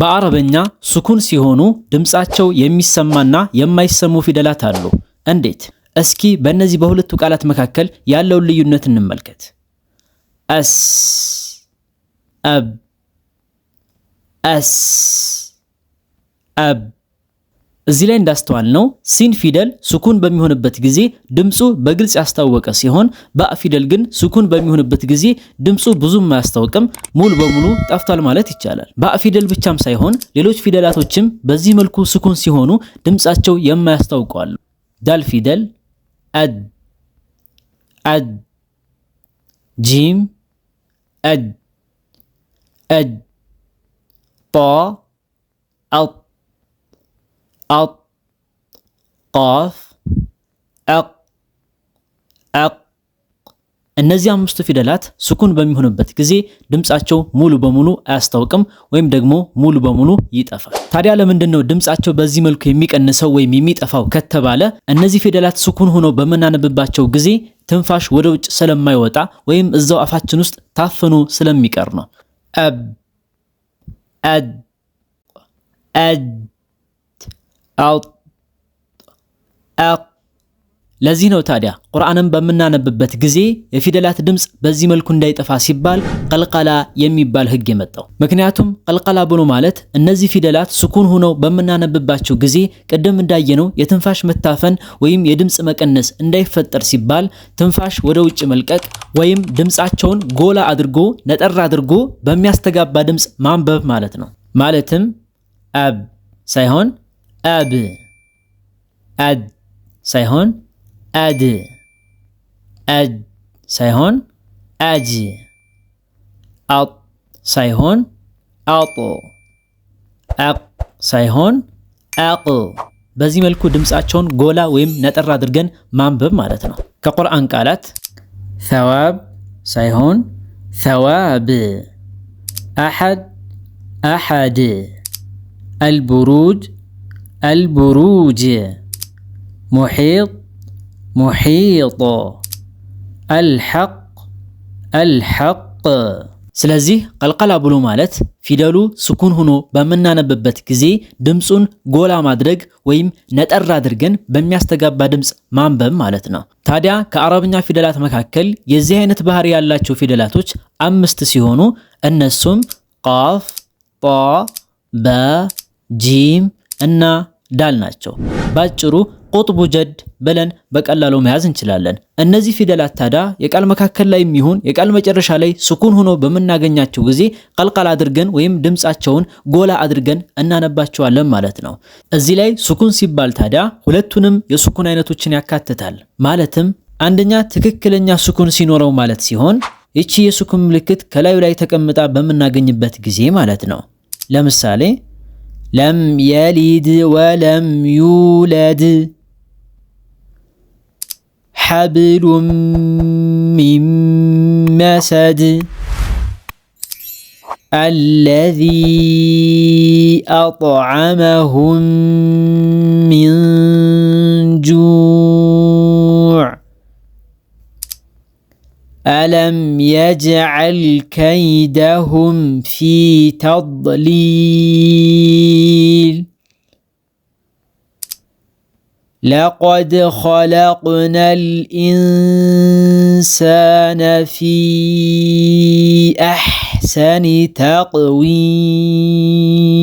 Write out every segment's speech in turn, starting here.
በአረበኛ ሱኩን ሲሆኑ ድምፃቸው የሚሰማና የማይሰሙ ፊደላት አሉ። እንዴት? እስኪ በእነዚህ በሁለቱ ቃላት መካከል ያለውን ልዩነት እንመልከት። አስ አብ አስ አብ እዚህ ላይ እንዳስተዋል ነው ሲን ፊደል ሱኩን በሚሆንበት ጊዜ ድምፁ በግልጽ ያስታወቀ ሲሆን ባ ፊደል ግን ሱኩን በሚሆንበት ጊዜ ድምፁ ብዙም አያስታውቅም፣ ሙሉ በሙሉ ጠፍቷል ማለት ይቻላል። ባ ፊደል ብቻም ሳይሆን ሌሎች ፊደላቶችም በዚህ መልኩ ሱኩን ሲሆኑ ድምፃቸው የማያስታውቀዋል። ዳል ፊደል አድ አድ፣ ጂም አድ አድ፣ ጣ አጥ أط እነዚህ አምስቱ ፊደላት ስኩን በሚሆንበት ጊዜ ድምፃቸው ሙሉ በሙሉ አያስታውቅም ወይም ደግሞ ሙሉ በሙሉ ይጠፋል። ታዲያ ለምንድን ነው ድምጻቸው በዚህ መልኩ የሚቀንሰው ወይም የሚጠፋው ከተባለ እነዚህ ፊደላት ስኩን ሆነው በምናነብባቸው ጊዜ ትንፋሽ ወደ ውጭ ስለማይወጣ ወይም እዛው አፋችን ውስጥ ታፍኖ ስለሚቀር ነው። አድ ለዚህ ነው ታዲያ ቁርአንን በምናነብበት ጊዜ የፊደላት ድምፅ በዚህ መልኩ እንዳይጠፋ ሲባል ቀልቀላ የሚባል ህግ የመጣው። ምክንያቱም ቀልቀላ ብሎ ማለት እነዚህ ፊደላት ስኩን ሆነው በምናነብባቸው ጊዜ ቅድም እንዳየነው የትንፋሽ መታፈን ወይም የድምፅ መቀነስ እንዳይፈጠር ሲባል ትንፋሽ ወደ ውጭ መልቀቅ ወይም ድምፃቸውን ጎላ አድርጎ ነጠር አድርጎ በሚያስተጋባ ድምፅ ማንበብ ማለት ነው። ማለትም አብ ሳይሆን أب أد سيهون أد أد سيهون أجي أط سيهون أطو أق سيهون أقو በዚህ መልኩ ድምፃቸውን ጎላ ወይም ነጠር አድርገን ማንበብ ማለት ነው። ከቁርአን ቃላት ሰዋብ ሳይሆን ሰዋብ፣ አሐድ አሐድ፣ አልቡሩጅ البروج محيط ሙሒጦ አልሐቅ አልሐቅ። ስለዚህ ቀልቀላ ብሎ ማለት ፊደሉ ስኩን ሆኖ በምናነብበት ጊዜ ድምፁን ጎላ ማድረግ ወይም ነጠር አድርገን በሚያስተጋባ ድምፅ ማንበብ ማለት ነው። ታዲያ ከአረብኛ ፊደላት መካከል የዚህ አይነት ባህሪ ያላቸው ፊደላቶች አምስት ሲሆኑ እነሱም ቃፍ፣ ጣ፣ በ፣ ጂም እና ዳል ናቸው። ባጭሩ ቁጥቡ ጀድ ብለን በቀላሉ መያዝ እንችላለን። እነዚህ ፊደላት ታዳ የቃል መካከል ላይ የሚሆን የቃል መጨረሻ ላይ ስኩን ሆኖ በምናገኛቸው ጊዜ ቀልቃል አድርገን ወይም ድምፃቸውን ጎላ አድርገን እናነባቸዋለን ማለት ነው። እዚህ ላይ ስኩን ሲባል ታዳ ሁለቱንም የስኩን አይነቶችን ያካትታል። ማለትም አንደኛ ትክክለኛ ስኩን ሲኖረው ማለት ሲሆን ይቺ የስኩን ምልክት ከላዩ ላይ ተቀምጣ በምናገኝበት ጊዜ ማለት ነው። ለምሳሌ لم يلد ولم يولد حبل من مسد الذي أطعمهم من جوع لم يجعل كيدهم في تضليل لقد خلقنا الانسان في احسن تقويم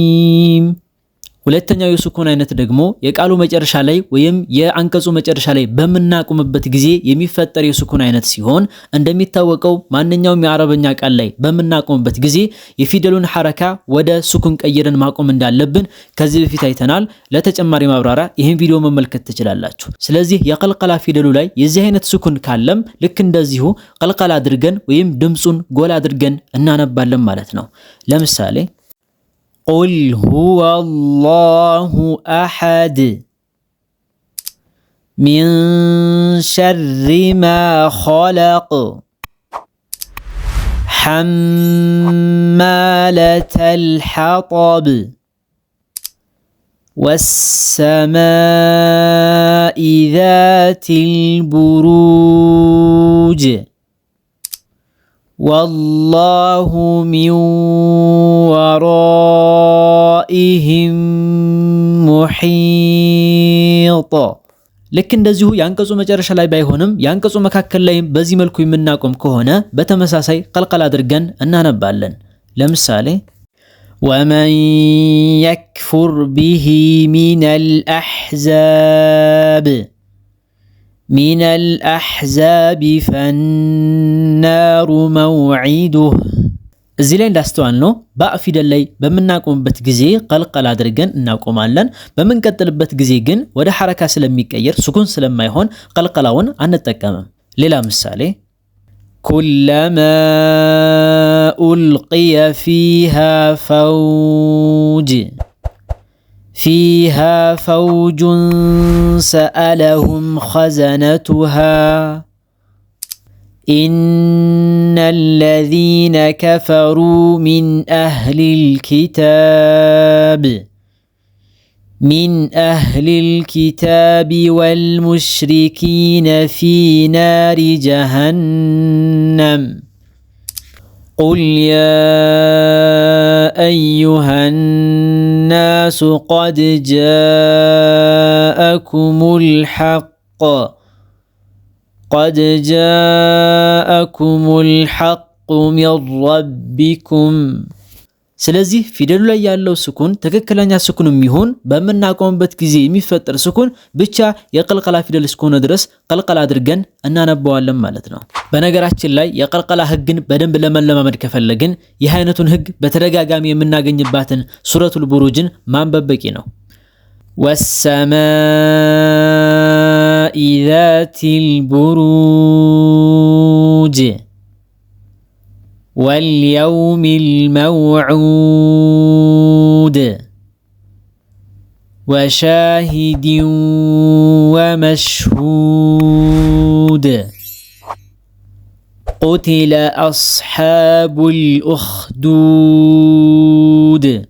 ሁለተኛው የሱኩን አይነት ደግሞ የቃሉ መጨረሻ ላይ ወይም የአንቀጹ መጨረሻ ላይ በምናቁምበት ጊዜ የሚፈጠር የሱኩን አይነት ሲሆን እንደሚታወቀው ማንኛውም የአረበኛ ቃል ላይ በምናቆምበት ጊዜ የፊደሉን ሐረካ ወደ ሱኩን ቀይረን ማቆም እንዳለብን ከዚህ በፊት አይተናል። ለተጨማሪ ማብራሪያ ይህን ቪዲዮ መመልከት ትችላላችሁ። ስለዚህ የቀልቀላ ፊደሉ ላይ የዚህ አይነት ሱኩን ካለም ልክ እንደዚሁ ቀልቀላ አድርገን ወይም ድምፁን ጎላ አድርገን እናነባለን ማለት ነው። ለምሳሌ قل هو الله احد من شر ما خلق حمالة الحطب والسماء ذات البروج والله من وراء ወራኢሂም ሙሒጥ ልክ እንደዚሁ የአንቀጹ መጨረሻ ላይ ባይሆንም የአንቀጹ መካከል ላይ በዚህ መልኩ የምናቆም ከሆነ በተመሳሳይ ቀልቀል አድርገን እናነባለን። ለምሳሌ ወመን የክፉር ቢሂ ሚነል አሕዛብ ሚነል አሕዛብ ፈናሩ መውዒዱህ እዚ ላይ እንዳስተዋልነው ባእ ፊደል ላይ በምናቆምበት ጊዜ ቀልቀል አድርገን እናቆማለን። በምንቀጥልበት ጊዜ ግን ወደ ሐረካ ስለሚቀየር ስኩን ስለማይሆን ቀልቀላውን አንጠቀምም። ሌላ ምሳሌ ኩለማ ኡልቅየ ፊሃ ፈውጅ ፊሃ ፈውጁን ሰአለሁም ኸዘነቱሃ ان الذين كفروا من اهل الكتاب من اهل الكتاب والمشركين في نار جهنم قل يا ايها الناس قد جاءكم الحق قد جاءكم الحق من ربكم ስለዚህ ፊደሉ ላይ ያለው ስኩን ትክክለኛ ስኩን የሚሆን በምናቆምበት ጊዜ የሚፈጠር ስኩን ብቻ የቀልቀላ ፊደል እስከሆነ ድረስ ቀልቀላ አድርገን እናነባዋለን ማለት ነው። በነገራችን ላይ የቀልቀላ ህግን በደንብ ለመለማመድ ከፈለግን ይህ አይነቱን ህግ በተደጋጋሚ የምናገኝባትን ሱረቱል ቡሩጅን ማንበብ በቂ ነው። ወሰማ ذات البروج واليوم الموعود وشاهد ومشهود قتل اصحاب الاخدود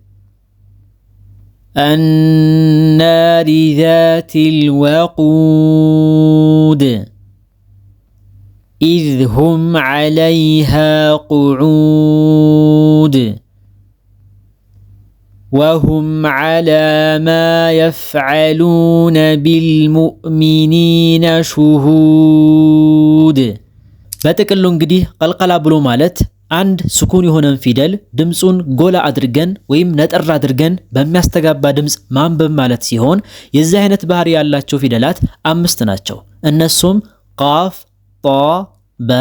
النار ذات الوقود اذ هم عليها قعود وهم على ما يفعلون بالمؤمنين شهود በጥቅሉ قدي ቀልቀላ بلو مالت አንድ ስኩን የሆነን ፊደል ድምፁን ጎላ አድርገን ወይም ነጠር አድርገን በሚያስተጋባ ድምፅ ማንበብ ማለት ሲሆን የዚህ አይነት ባህሪ ያላቸው ፊደላት አምስት ናቸው። እነሱም ቃፍ፣ ጦ፣ በ፣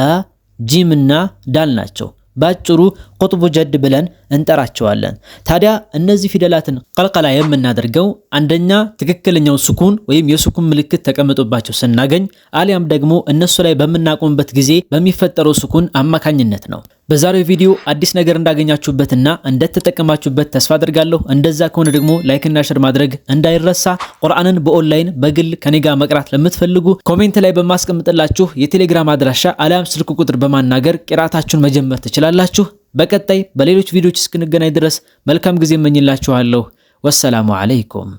ጂም እና ዳል ናቸው። ባጭሩ ቁጥቡ ጀድ ብለን እንጠራቸዋለን። ታዲያ እነዚህ ፊደላትን ቀልቀላ የምናደርገው አንደኛ ትክክለኛው ስኩን ወይም የስኩን ምልክት ተቀምጦባቸው ስናገኝ፣ አሊያም ደግሞ እነሱ ላይ በምናቆምበት ጊዜ በሚፈጠረው ስኩን አማካኝነት ነው። በዛሬው ቪዲዮ አዲስ ነገር እንዳገኛችሁበትና እንደተጠቀማችሁበት ተስፋ አድርጋለሁ። እንደዛ ከሆነ ደግሞ ላይክና ሸር ማድረግ እንዳይረሳ። ቁርአንን በኦንላይን በግል ከኔ ጋር መቅራት ለምትፈልጉ ኮሜንት ላይ በማስቀምጥላችሁ የቴሌግራም አድራሻ አሊያም ስልክ ቁጥር በማናገር ቂራታችሁን መጀመር ትችላላችሁ። በቀጣይ በሌሎች ቪዲዮዎች እስክንገናኝ ድረስ መልካም ጊዜ እመኝላችኋለሁ። ወሰላሙ አለይኩም